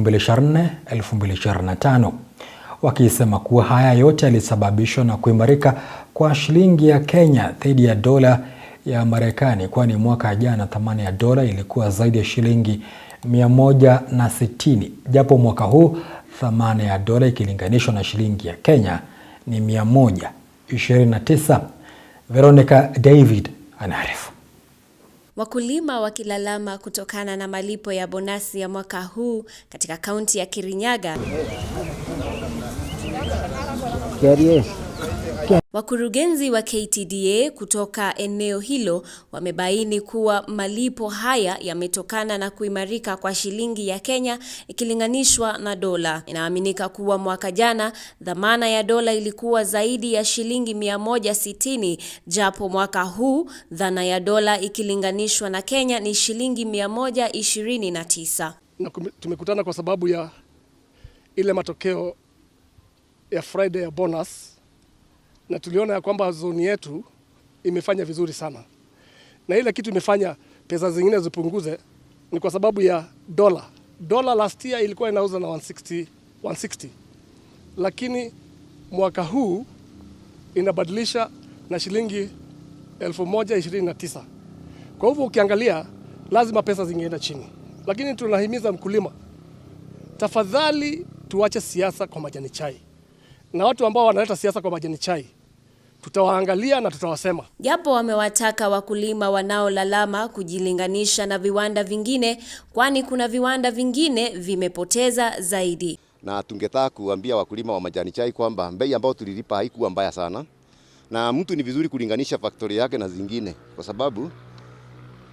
2024, 2025 wakisema kuwa haya yote yalisababishwa na kuimarika kwa shilingi ya Kenya dhidi ya dola ya Marekani, kwani mwaka jana thamani ya dola ilikuwa zaidi ya shilingi 160, japo mwaka huu thamani ya dola ikilinganishwa na shilingi ya Kenya ni 129. Veronica David anaarifu wakulima wakilalama kutokana na malipo ya bonasi ya mwaka huu katika kaunti ya Kirinyaga. Wakurugenzi wa KTDA kutoka eneo hilo wamebaini kuwa malipo haya yametokana na kuimarika kwa shilingi ya Kenya ikilinganishwa na dola. Inaaminika kuwa mwaka jana dhamana ya dola ilikuwa zaidi ya shilingi 160 japo mwaka huu dhana ya dola ikilinganishwa na Kenya ni shilingi 129. Na tumekutana kwa sababu ya ile matokeo ya Friday ya bonus na tuliona ya kwamba zoni yetu imefanya vizuri sana, na ile kitu imefanya pesa zingine zipunguze ni kwa sababu ya dola. Dola last year ilikuwa inauza na 160, 160. Lakini mwaka huu inabadilisha na shilingi 1129. Kwa hivyo ukiangalia, lazima pesa zingeenda chini, lakini tunahimiza mkulima, tafadhali tuache siasa kwa majani chai na watu ambao wanaleta siasa kwa majani chai tutawaangalia na tutawasema. Japo wamewataka wakulima wanaolalama kujilinganisha na viwanda vingine, kwani kuna viwanda vingine vimepoteza zaidi. Na tungetaka kuambia wakulima wa majani chai kwamba bei ambayo tulilipa haikuwa mbaya sana, na mtu ni vizuri kulinganisha faktori yake na zingine, kwa sababu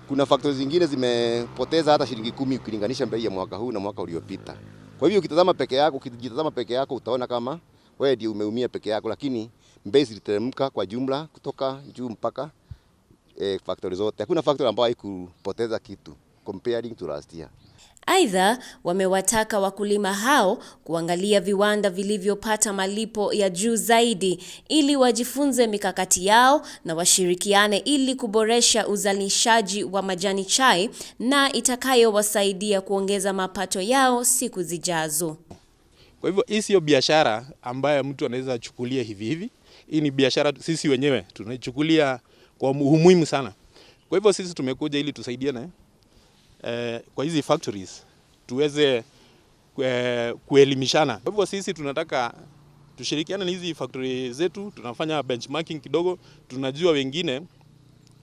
kuna faktori zingine zimepoteza hata shilingi kumi ukilinganisha bei ya mwaka huu na mwaka uliopita. Kwa hivyo ukitazama peke yako, ukijitazama peke yako utaona kama wewe ndio umeumia peke yako, lakini bei ziliteremka kwa jumla kutoka juu mpaka e, factory zote. Hakuna factory ambayo haikupoteza kitu comparing to last year. Aidha, wamewataka wakulima hao kuangalia viwanda vilivyopata malipo ya juu zaidi ili wajifunze mikakati yao na washirikiane ili kuboresha uzalishaji wa majani chai na itakayowasaidia kuongeza mapato yao siku zijazo. Kwa hivyo hii siyo biashara ambayo mtu anaweza achukulia hivi hivi. Hii ni biashara sisi wenyewe tunaichukulia kwa umuhimu sana. Kwa hivyo sisi tumekuja ili tusaidiane eh, kwa hizi factories tuweze eh, kuelimishana. Kwa hivyo sisi tunataka tushirikiane na hizi factory zetu, tunafanya benchmarking kidogo, tunajua wengine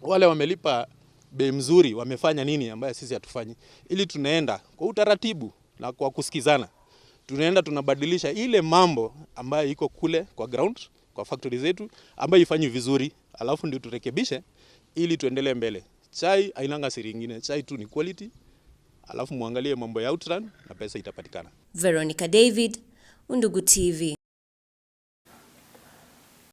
wale wamelipa bei mzuri wamefanya nini ambaye sisi hatufanyi, ili tunaenda kwa utaratibu na kwa kusikizana, tunaenda tunabadilisha ile mambo ambayo iko kule kwa ground kwa factory zetu ambayo ifanye vizuri, alafu ndio turekebishe ili tuendelee mbele. Chai ainanga siri nyingine, chai tu ni quality, alafu muangalie mambo ya outrun na pesa itapatikana. Veronica David, Undugu TV.